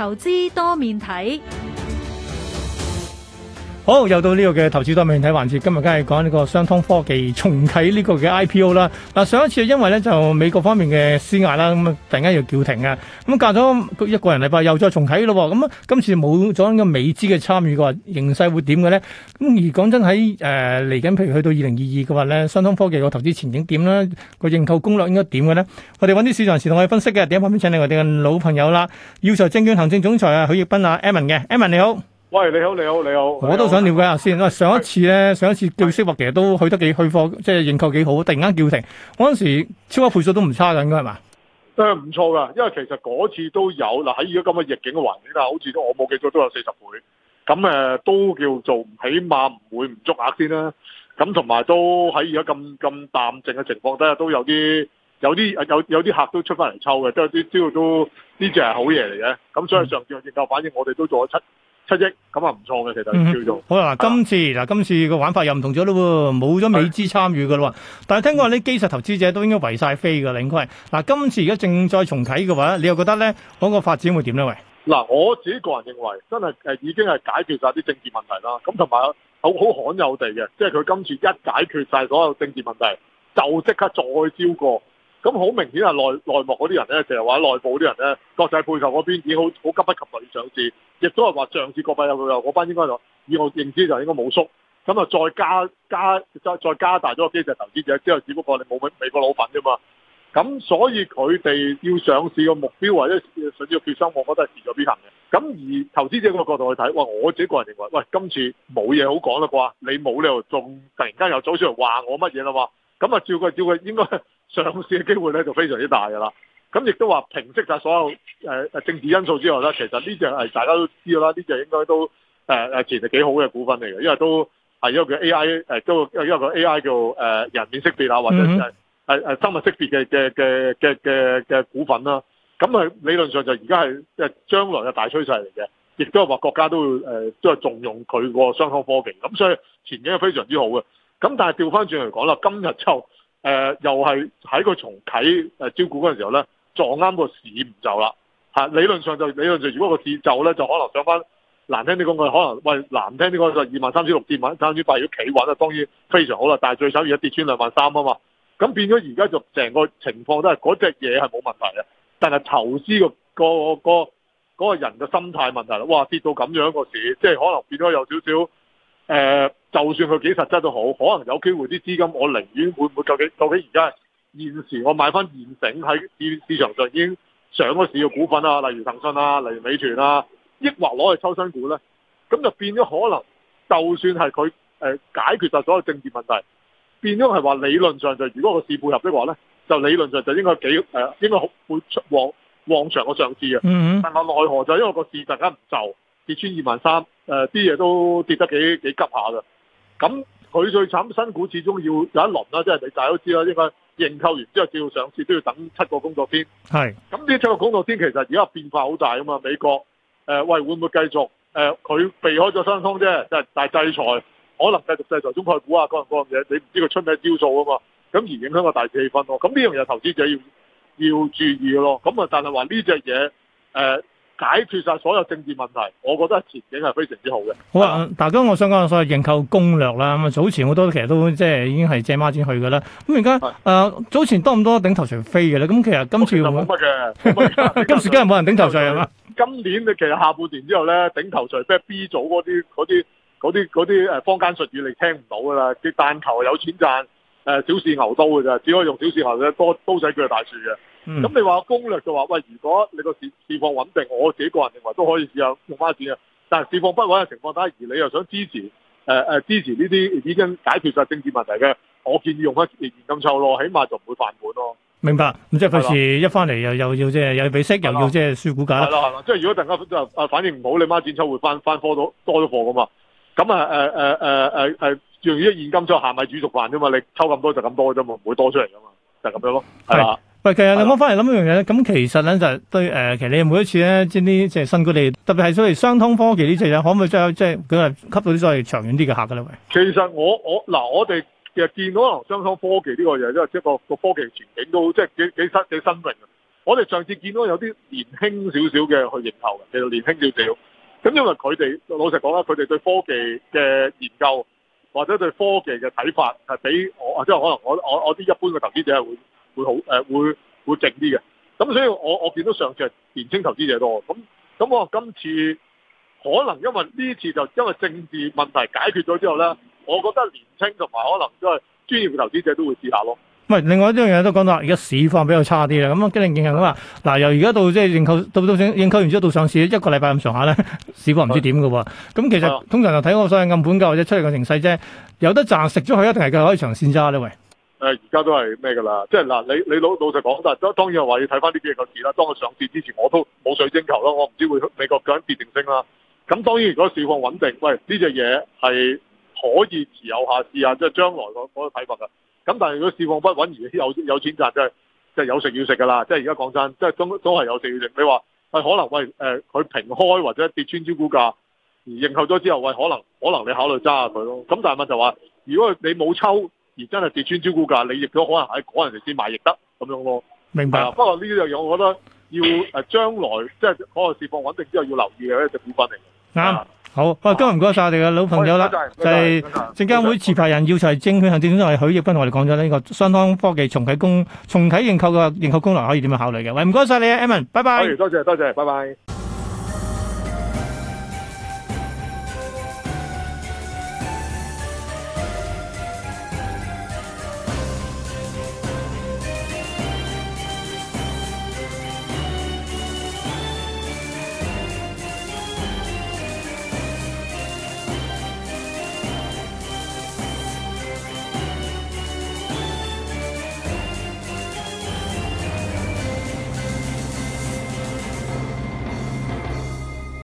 投資多面睇。好又到呢個嘅投資多面睇環節，今日梗係講呢個商湯科技重啟呢個嘅 IPO 啦。嗱上一次因為咧就美國方面嘅施壓啦，咁啊突然間要叫停啊，咁隔咗一個禮拜又再重啟咯。咁今次冇咗呢個美資嘅參與嘅話，形勢會點嘅咧？咁而講真喺誒嚟緊，譬如去到二零二二嘅話咧，商湯科技個投資前景點啦？個認購攻略應該點嘅咧？我哋揾啲市場人士同我哋分析嘅，第一 part 先請嚟我哋嘅老朋友啦，耀才證券行政總裁啊許繹彬啊，Evan 嘅，Evan 你好。喂，你好，你好，你好。你好我都想了解下先。因喂，上一次咧，上一次叫息或其實都去得幾去貨，即係認購幾好，突然間叫停。我嗰陣時超過倍數都唔差緊噶係嘛？誒，唔錯噶，因為其實嗰次都有嗱喺而家咁嘅逆境嘅環境啊，好似都我冇記錯都有四十倍。咁誒都叫做起碼唔會唔足額先啦。咁同埋都喺而家咁咁淡靜嘅情況底下，都有啲有啲有有啲客都出翻嚟抽嘅，都知道都呢隻係好嘢嚟嘅。咁所以上次認購反應，我哋都做咗七。七億咁啊，唔錯嘅，其實、嗯、叫做好啦、啊。今次嗱，今次個玩法又唔同咗咯喎，冇咗美資參與㗎咯喎。但係聽講話啲基石投資者都應該圍晒飛嘅，應該係嗱。今次而家正在重啟嘅話，你又覺得咧嗰、嗰個發展會點咧？喂，嗱，我自己個人認為，真係誒已經係解決晒啲政治問題啦。咁同埋好好罕有地嘅，即係佢今次一解決晒所有政治問題，就即刻再招過。咁好明顯係內內幕嗰啲人咧，成日話內部啲人咧，國際配售嗰邊已經好好急不及待要上市，亦都係話上次國泰有佢又嗰班應該以我認知就應該冇縮，咁啊再加加再再加大咗個基石投資者，之後只不過你冇美國國佬份啫嘛，咁所以佢哋要上市個目標或者甚至決心，我覺得係遲早必行嘅。咁而投資者嗰個角度去睇，哇！我自己個人認為，喂，今次冇嘢好講啦啩，你冇理由仲突然間又走出嚟話我乜嘢啦咁啊，照佢照佢，應該上市嘅機會咧就非常之大㗎喇。咁亦都話平息晒所有誒政治因素之後咧，其實呢隻係大家都知㗎喇，呢隻應該都誒誒前係幾好嘅股份嚟嘅，因為都係因為佢 A I 都因為個 A I 叫誒人面識別啊，或者係係係生物識別嘅嘅嘅嘅嘅嘅股份啦。咁啊，理論上就而家係誒將來嘅大趨勢嚟嘅，亦都係話國家都會都係重用佢個商湯科技，咁所以前景係非常之好嘅。咁但係調翻轉嚟講啦，今日之後，又係喺佢重啟招股嗰陣時候咧，撞啱個市唔就啦，理論上就、理論上，如果個市就咧，就可能上翻難聽啲講句，可能喂難聽啲講就二萬三千六跌穩，三千八如果企穩啊，當然非常好啦。但係最少而家跌穿兩萬三啊嘛，咁變咗而家就成個情況都係嗰隻嘢係冇問題嘅，但係投資、嗰個個、嗰個人嘅心態問題啦，哇跌到咁樣個市即係可能變咗有少少。誒、呃，就算佢幾實質都好，可能有機會啲資金，我寧願會唔會究竟究竟而家現時我買翻現成喺市市場上已經上咗市嘅股份啊，例如騰訊啊，例如美團啊，抑或攞去抽新股咧？咁就變咗可能，就算係佢誒解決晒所有政治問題，變咗係話理論上就如果個市配合的話咧，就理論上就應該幾誒、呃、應該會出往往上個上市啊。但係奈何就因為個市突然間唔就。跌穿二萬三，誒啲嘢都跌得幾幾急下嘅，咁佢最慘，新股始終要有一輪啦，即係你大家都知啦，應該認購完之後照上市都要等七個工作天。係，咁呢七個工作天其實而家變化好大啊嘛，美國誒、呃、喂會唔會繼續誒佢、呃、避開咗新通啫，但係制裁可能繼續制裁中概股啊，各樣各樣嘢，你唔知佢出咩招數啊嘛，咁而影響個大氣氛咯、啊。咁呢樣嘢投資者要要注意咯。咁啊，但係話呢隻嘢誒。解決晒所有政治問題，我覺得前景係非常之好嘅。好啊，大家我想講嘅所謂認購攻略啦，咁啊早前好多其實都即係已經係借孖展去嘅啦。咁而家誒早前多唔多頂頭鎚飛嘅咧？咁其實今次就冇乜嘅， 今時今日冇人頂頭鎚係嘛？今年你其實下半年之後咧，頂頭鎚咩 B 組嗰啲嗰啲嗰啲嗰啲誒坊間術語你聽唔到㗎啦。只但求有錢賺，誒小試牛刀嘅啫，只可以用小試牛刀，刀仔鋸大樹嘅。咁、嗯、你話攻略就話，喂，如果你個市市況穩定，我自己個人認為都可以試下用孖展啊。但係市況不穩嘅情況底下，而你又想支持，誒、呃、誒支持呢啲已經解決晒政治問題嘅，我建議用翻啲現金抽咯，起碼就唔會犯本咯。明白，即係費事一翻嚟又又要即係又俾息，又要輸即係輸股價。係係即係如果突然反應唔好，你孖展抽會翻翻科多咗多咗貨噶嘛？咁啊誒誒誒誒誒，用、呃、啲、呃呃、現金抽限米煮熟飯啫嘛？你抽咁多就咁多啫嘛，唔會多出嚟噶嘛，就咁、是、樣咯。係喂，其實你我翻嚟諗一樣嘢咧，咁其實呢就係對誒，其實你每一次咧，即係呢即係新股，特別係所謂商湯科技呢隻咧，可唔可以再即係佢係吸到啲所謂長遠啲嘅客噶咧？喂，其實我我嗱，我哋其實見到可能商湯科技呢個嘢都係一個個科技前景都即係、就是、幾幾新幾新穎。我哋上次見到有啲年輕少少嘅去認購，其實年輕少少，咁因為佢哋老實講啦，佢哋對科技嘅研究或者對科技嘅睇法係比我即係、就是、可能我我我啲一般嘅投資者係會。會好誒、呃，會會靜啲嘅。咁所以我，我我見到上次年輕投資者多。咁咁我今次可能因為呢次就因為政治問題解決咗之後咧，我覺得年輕同埋可能即係專業投資者都會試下咯。唔係，另外一樣嘢都講啦，而家市況比較差啲啦。咁經理見人講話，嗱由而家到即係認購，到到認購完之後到上市一個禮拜咁上下咧，市況唔知點㗎喎。咁其實通常就睇我相信暗盤價或者出嚟嘅形勢啫。有得賺食咗佢，一定係佢可以長線揸呢喂。誒、呃，而家都係咩噶啦？即係嗱，你你老老實講，但係當當然係話要睇翻呢幾日嘅事啦。當佢上市之前，我都冇水晶球咯，我唔知會美國究竟跌定升啦。咁當然，如果市況穩定，喂，呢隻嘢係可以持有下試下，即係將來個嗰個睇法噶。咁但係如果市況不穩而有有，有錢賺，即係即係有食要食噶啦。即係而家講真，即、就、係、是、都都係有食要食。你話喂可能喂誒，佢、呃、平開或者跌穿招股價，而認購咗之後，喂可能可能你考慮揸下佢咯。咁但係乜就話，如果你冇抽。而真係跌穿招股價，你亦都可能喺嗰陣時先買亦得咁樣咯。明白。啊、不過呢啲嘢我覺得要誒將來即係嗰個市況穩定之後要留意嘅一隻股份嚟。啱、嗯嗯、好，唔該晒我哋嘅老朋友啦，就係證監會持牌人耀才證券行政總裁許繹彬，同我哋講咗呢個商湯科技重啟供重啟認購嘅認購功能可以點樣考慮嘅。喂，唔該晒你 Emman 拜拜。多謝多謝，拜拜。謝謝謝謝拜拜。